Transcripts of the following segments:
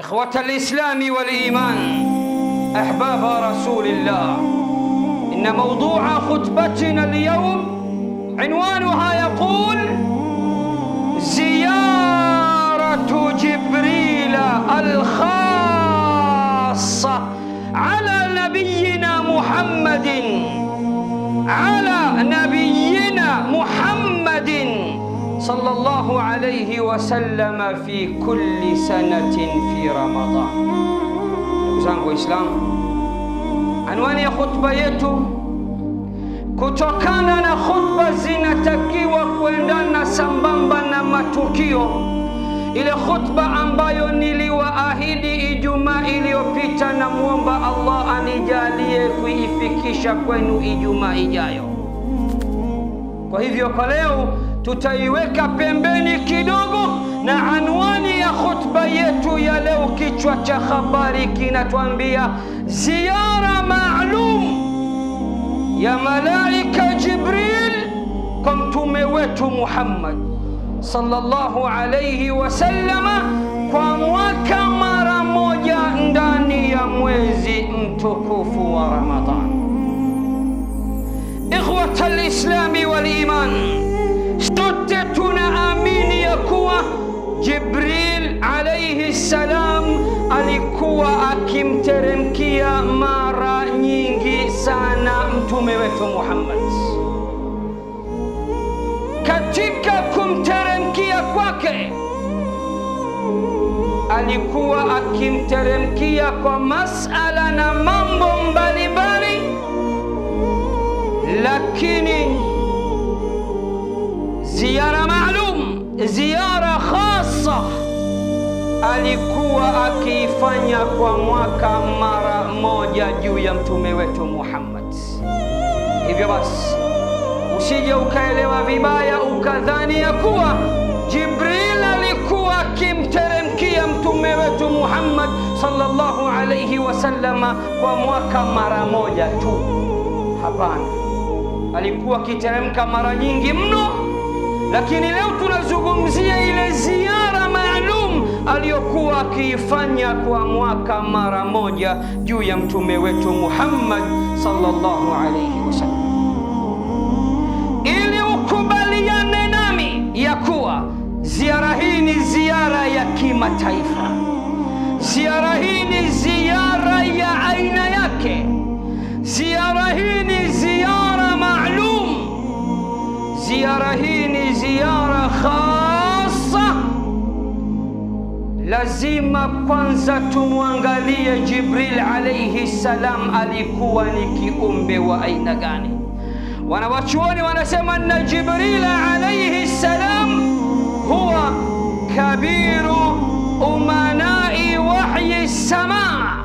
إخوة الإسلام والإيمان أحباب رسول الله إن موضوع خطبتنا اليوم عنوانها يقول زيارة جبريل الخاصة على نبينا محمد على نبي صلى الله عليه وسلم في كل سنة في رمضان زانغو إسلام عنواني خطبيته كتوكانا خطبة زينتكي وكويندانا سمبامبانا ماتوكيو إلى خطبة أمبايو نيلي وآهيدي إجوما إلي وبيتا نموامبا الله أني جاليكو إفكيشا كوينو إجوما إجايو Kwa hivyo kwa leo tutaiweka pembeni kidogo, na anwani ya khutba yetu ya leo, kichwa cha habari kinatwambia ziara maalum ya malaika Jibril kwa mtume wetu Muhammad sallallahu alayhi wasallama kwa mwaka mara moja ndani ya mwezi mtukufu wa Ramadhani. Walislami waliman, sote tunaamini ya kuwa Jibril alaihi salam alikuwa akimteremkia mara nyingi sana mtume wetu Muhammad. Katika kumteremkia kwake alikuwa akimteremkia kwa masala na mambo mba alikuwa akiifanya kwa mwaka mara moja juu ya mtume wetu Muhammad. Hivyo basi, usije ukaelewa vibaya ukadhani ya kuwa Jibril alikuwa akimteremkia mtume wetu Muhammad sallallahu alayhi wasallam kwa mwaka mara moja tu. Hapana, alikuwa akiteremka mara nyingi mno, lakini leo tunazungumzia ile zia aliyokuwa akiifanya kwa mwaka mara moja juu ya mtume wetu Muhammad sallallahu alayhi wasallam, ili ukubaliane nami ya kuwa ziara hii ni ziara ya kimataifa, ziara hii ni ziara ya aina yake, ziara hii ni ziara maalum, ziara hii ni ziara lazima kwanza tumwangalie Jibril alaihi salam alikuwa ni kiumbe wa aina gani. Wanawachuoni wanasema na Jibril alaihi salam huwa kabiru umanai wahyi sama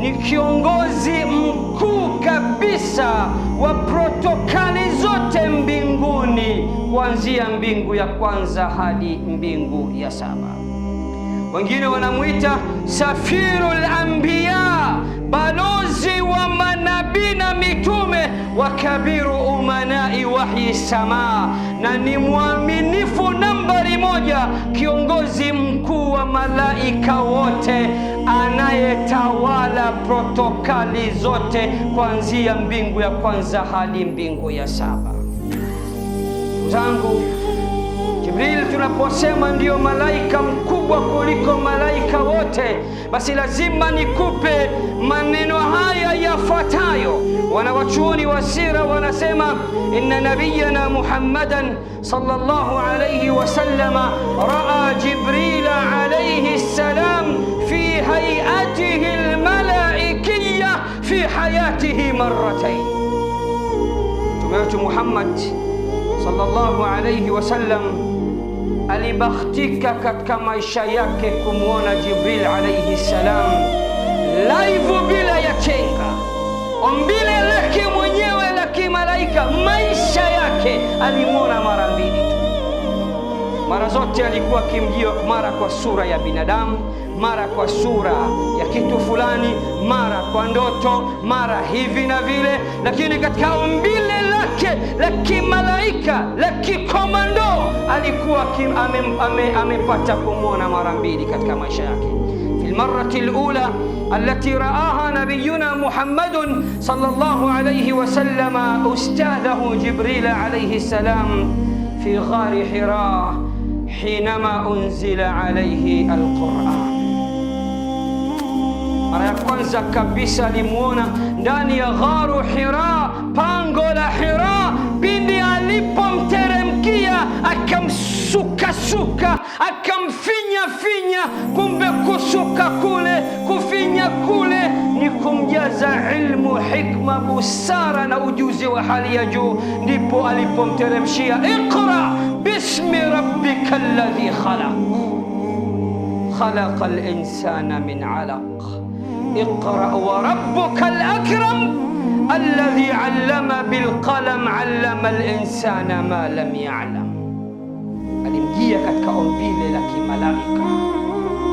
ni kiongozi mkuu kabisa wa protokali zote mbinguni, kuanzia mbingu ya kwanza hadi mbingu ya saba wengine wanamwita safiru lambia balozi wa manabii na mitume, wa kabiru umanai wahyi samaa, na ni mwaminifu nambari moja, kiongozi mkuu wa malaika wote, anayetawala protokali zote kuanzia mbingu ya kwanza hadi mbingu ya saba zangu vile tunaposema ndiyo malaika mkubwa kuliko malaika wote, basi lazima nikupe maneno haya yafuatayo. Wanawachuoni wa sira wanasema inna nabiyana Muhammadan sallallahu alayhi wasallama raa Jibrila alayhi salam fi hayatihi almalaikiya fi hayatihi marratayn. Mtume wetu Muhammad sallallahu alayhi wasallam alibahtika katika maisha yake kumwona Jibril alayhi salam laivu bila ya chenga, ombile lake mwenyewe la kimalaika. Maisha yake alimwona mara mbili tu. Mara zote alikuwa akimjia, mara kwa sura ya binadamu, mara kwa sura ya kitu fulani, mara kwa ndoto, mara hivi na vile, lakini katika umbile lake la kimalaika la kikomando alikuwa kim, amepata ame, ame kumwona mara mbili katika maisha yake في المرة الأولى التي رآها نبينا محمد صلى الله عليه وسلم أستاذه جبريل عليه السلام في غار حراء حينما أنزل عليه القرآن Mara ya kwanza kabisa alimuona ndani ya gharu Hira, pango la Hira, pindi alipomteremkia akamsukasuka, akamfinyafinya. Kumbe kusuka kule, kufinya kule ni kumjaza ilmu, hikma, busara na ujuzi wa hali ya juu. Ndipo alipomteremshia iqra bismi rabbika alladhi khalaq خلق الانسان من علق اقرأ وربك الأكرم الذي علم بالقلم علم الإنسان ما لم يعلم alimjia katika ombile la kimalaika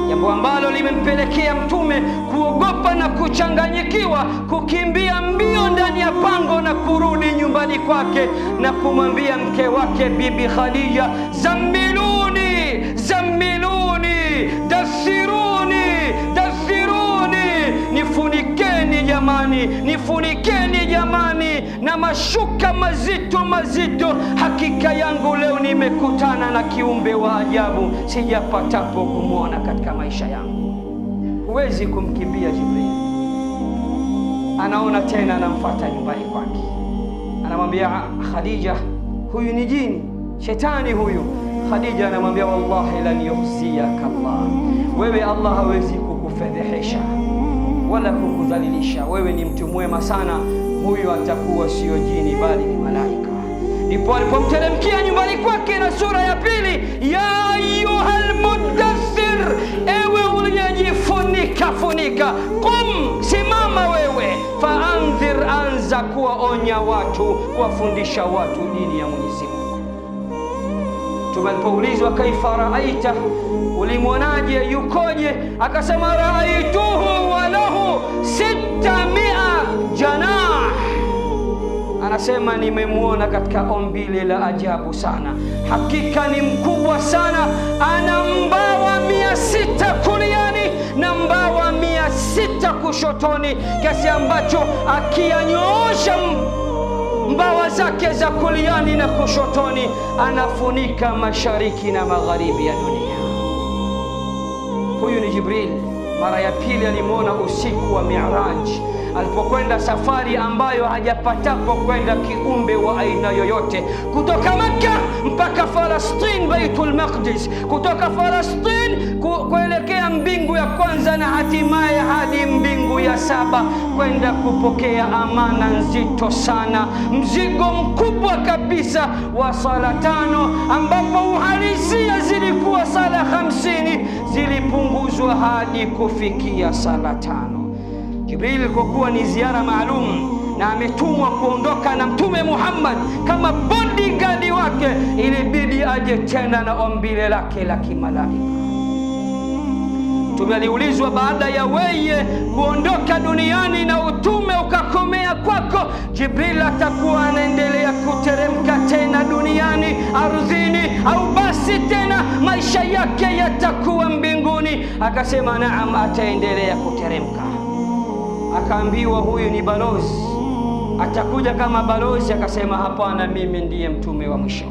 jambo ambalo limempelekea mtume kuogopa na kuchanganyikiwa kukimbia mbio ndani ya pango na kurudi nyumbani kwake na kumwambia mke wake bibi khadija zamiluni zamiluni dasi jamani, nifunikeni jamani na mashuka mazito mazito. Hakika yangu leo nimekutana na kiumbe wa ajabu sijapatapo kumwona katika maisha yangu. Huwezi kumkimbia Jibril. Anaona tena, anamfuata nyumbani kwake, anamwambia ah, Khadija, huyu ni jini, shetani huyu. Khadija anamwambia wallahi, lan yukhziyaka Allah, wewe Allah hawezi kukufedhehesha wala kukudhalilisha. Wewe ni mtu mwema sana, huyo atakuwa sio jini bali ni malaika. Ndipo alipomteremkia nyumbani kwake na sura ya pili ya ayuhal mudassir, ewe uliyejifunika funika, kum simama wewe, faandhir, anza kuwaonya watu, kuwafundisha watu dini ya Mwenyezi Mungu. Mtume alipoulizwa kaifa raaita, ulimwonaje, yukoje? Akasema raaituhu anasema nimemwona katika ombile la ajabu sana, hakika ni mkubwa sana, ana mbawa mia sita kuliani na mbawa mia sita kushotoni, kiasi ambacho akiyanyoosha mbawa zake za kuliani na kushotoni anafunika mashariki na magharibi ya dunia. Huyu ni Jibril. Mara ya pili alimwona usiku wa Miraji alipokwenda safari ambayo hajapatapo kwenda kiumbe wa aina yoyote, kutoka Makka mpaka Falastin, Baitul Maqdis, kutoka Falastin kuelekea mbingu ya kwanza na hatimaye hadi mbingu ya saba, kwenda kupokea amana nzito sana, mzigo mkubwa kabisa wa sala tano, ambapo uhalisia zilikuwa sala hamsini zilipunguzwa hadi kufikia sala tano. Jibril kwa kuwa ni ziara maalum na ametumwa kuondoka na Mtume Muhammad kama bodyguard wake, ilibidi aje tena na ombile lake la kimalaika. Mtume aliulizwa baada ya weye kuondoka duniani na utume ukakomea kwako, Jibril atakuwa anaendelea kuteremka tena duniani ardhini, au basi tena maisha yake yatakuwa mbinguni? Akasema naam, ataendelea kuteremka akaambiwa huyu ni balozi, atakuja kama balozi. Akasema hapana, mimi ndiye mtume wa mwisho.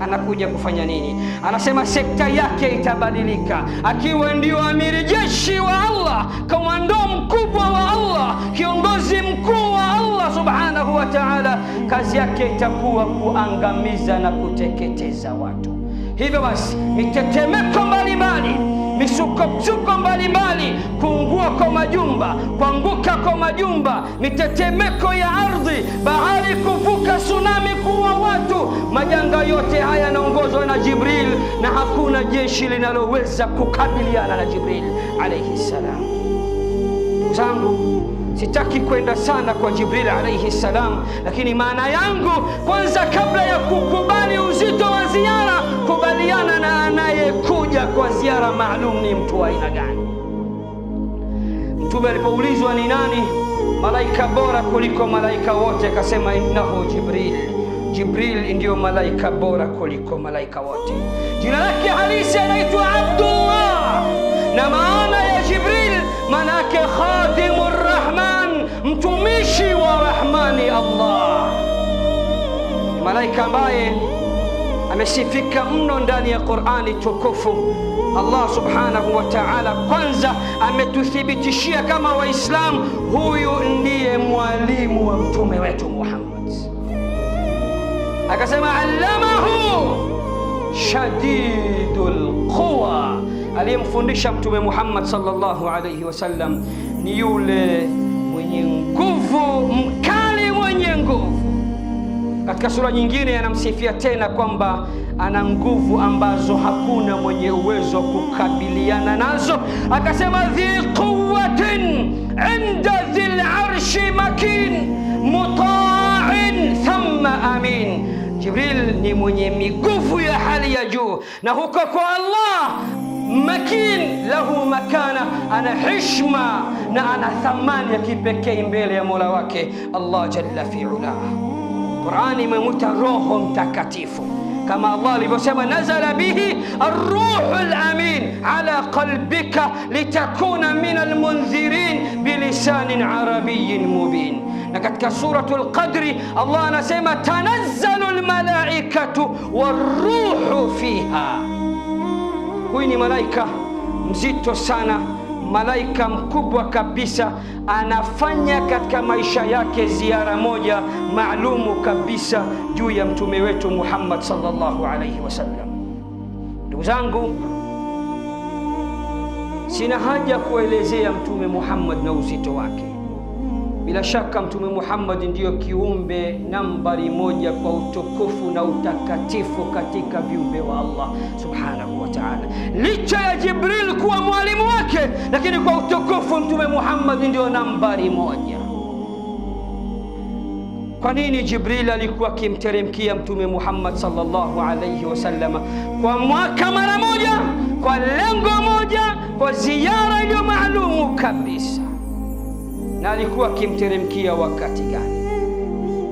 Anakuja kufanya nini? Anasema sekta yake itabadilika, akiwa ndio amiri jeshi wa Allah, komando mkubwa wa Allah, kiongozi mkuu wa Allah subhanahu wa ta'ala. Kazi yake itakuwa kuangamiza na kuteketeza watu. Hivyo basi mitetemeko mbalimbali misukosuko mbalimbali, kuungua kwa majumba, kuanguka kwa majumba, mitetemeko ya ardhi, bahari kuvuka, tsunami kuwa watu. Majanga yote haya yanaongozwa na Jibril, na hakuna jeshi linaloweza kukabiliana na Jibril alaihi salam zangu sitaki kwenda sana kwa Jibril alayhi salam, lakini maana yangu kwanza, kabla ya kukubali uzito wa ziara, kubaliana na anayekuja kwa ziara maalum ni mtu wa aina gani. Mtume alipoulizwa ni nani malaika bora kuliko malaika wote, akasema innahu Jibril Jibril ndiyo malaika bora kuliko malaika wote. Jina lake halisi anaitwa Abdullah, na maana ya Jibril manake khadim mtumishi wa Rahmani Allah, malaika ambaye amesifika mno ndani ya Qur'ani tukufu. Allah subhanahu wa ta'ala kwanza ametuthibitishia kama Waislamu, huyu ndiye mwalimu wa mtume wetu Muhammad, akasema allamahu shadidul quwa, aliyemfundisha mtume Muhammad sallallahu alayhi wasallam ni yule mwenye nguvu, mkali mwenye nguvu. Katika sura nyingine anamsifia tena kwamba ana nguvu ambazo hakuna mwenye uwezo wa kukabiliana nazo, akasema dhi quwwatin inda dhil arshi makin mutain thumma amin. Jibril ni mwenye miguvu ya hali ya juu, na huko kwa Allah مكين له مكانة أنا حشمة أنا ثمان يكي بكي مبيل يا مولاك الله جل في علاه قرآن مموت روح تكتيف كما الله لبسيما نزل به الروح الأمين على قلبك لتكون من المنذرين بلسان عربي مبين لقد كسورة القدر الله نسيما تنزل الملائكة والروح فيها Huyu ni malaika mzito sana, malaika mkubwa kabisa, anafanya katika maisha yake ziara moja maalumu kabisa juu ya mtume wetu Muhammad sallallahu alaihi wasallam. Ndugu zangu, sina haja kuelezea mtume Muhammad na uzito wake bila shaka Mtume Muhammad ndiyo kiumbe nambari moja kwa utukufu na utakatifu katika viumbe wa Allah subhanahu wa ta'ala. Licha ya Jibril kuwa mwalimu wake, lakini kwa utukufu Mtume Muhammad ndiyo nambari moja. Kwa nini Jibril alikuwa akimteremkia Mtume Muhammad sallallahu alayhi wasallam kwa mwaka mara moja, kwa lengo moja, kwa ziara iliyo maalumu kabisa? na alikuwa akimteremkia wakati gani?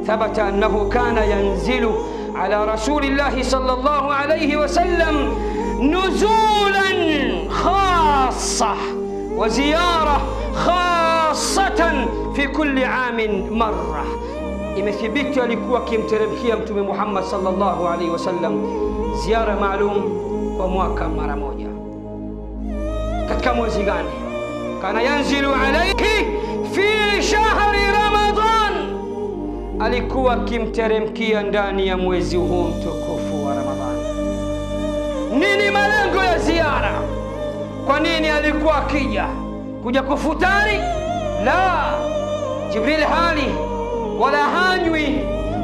Thabata annahu kana yanzilu ala rasulillahi sallallahu alayhi wasallam nuzulan khassa wa ziyara khassatan fi kulli amin marra, imethibiti alikuwa akimteremkia Mtume Muhammad sallallahu alayhi wasallam ziara maalum kwa mwaka mara moja. Katika mwezi gani? kana yanzilu alaihi fi shahri Ramadan, alikuwa akimteremkia ndani ya mwezi huu mtukufu wa Ramadhani. Nini malengo ya ziara? Kwa nini alikuwa akija? Kuja kufutari? La, Jibril hali wala hanywi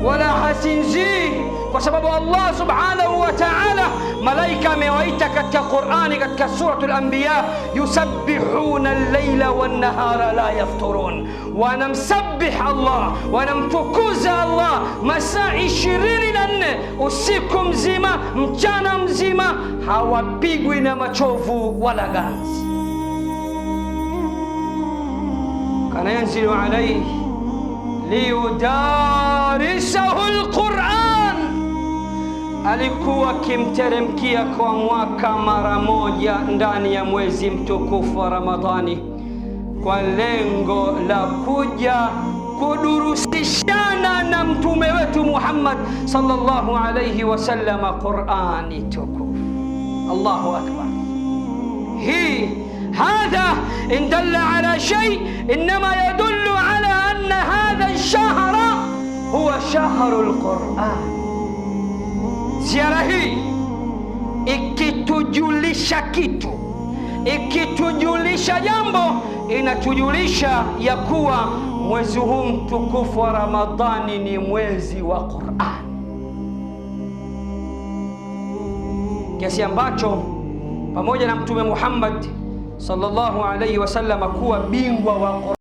wala hasinzii kwa sababu Allah subhanahu wa ta'ala malaika amewaita katika Qur'ani, katika suratul Anbiya, yusabbihuna al-laila wan-nahara la yafturun, wanamsabbih Allah, wanamtukuza Allah masaa 24 usiku mzima, mchana mzima, hawapigwi na machovu wala ganzi. kana yanzilu alayhi liyudarisahu al-Qur'an alikuwa kimteremkia kwa mwaka mara moja ndani ya mwezi mtukufu wa Ramadhani kwa lengo la kuja kudurusishana na mtume wetu Muhammad sallallahu alayhi wasallam Qur'ani tukufu. Allahu akbar. Hii hadha in dalla ala shay inma yadullu ala anna hadha ash-shahra huwa shahru al-Qur'an. ziara hii ikitujulisha kitu, ikitujulisha jambo, inatujulisha ya kuwa mwezi huu mtukufu wa Ramadhani ni mwezi wa Qur'an, kiasi ambacho pamoja na Mtume Muhammad sallallahu alaihi wasallam kuwa bingwa wa Qur'an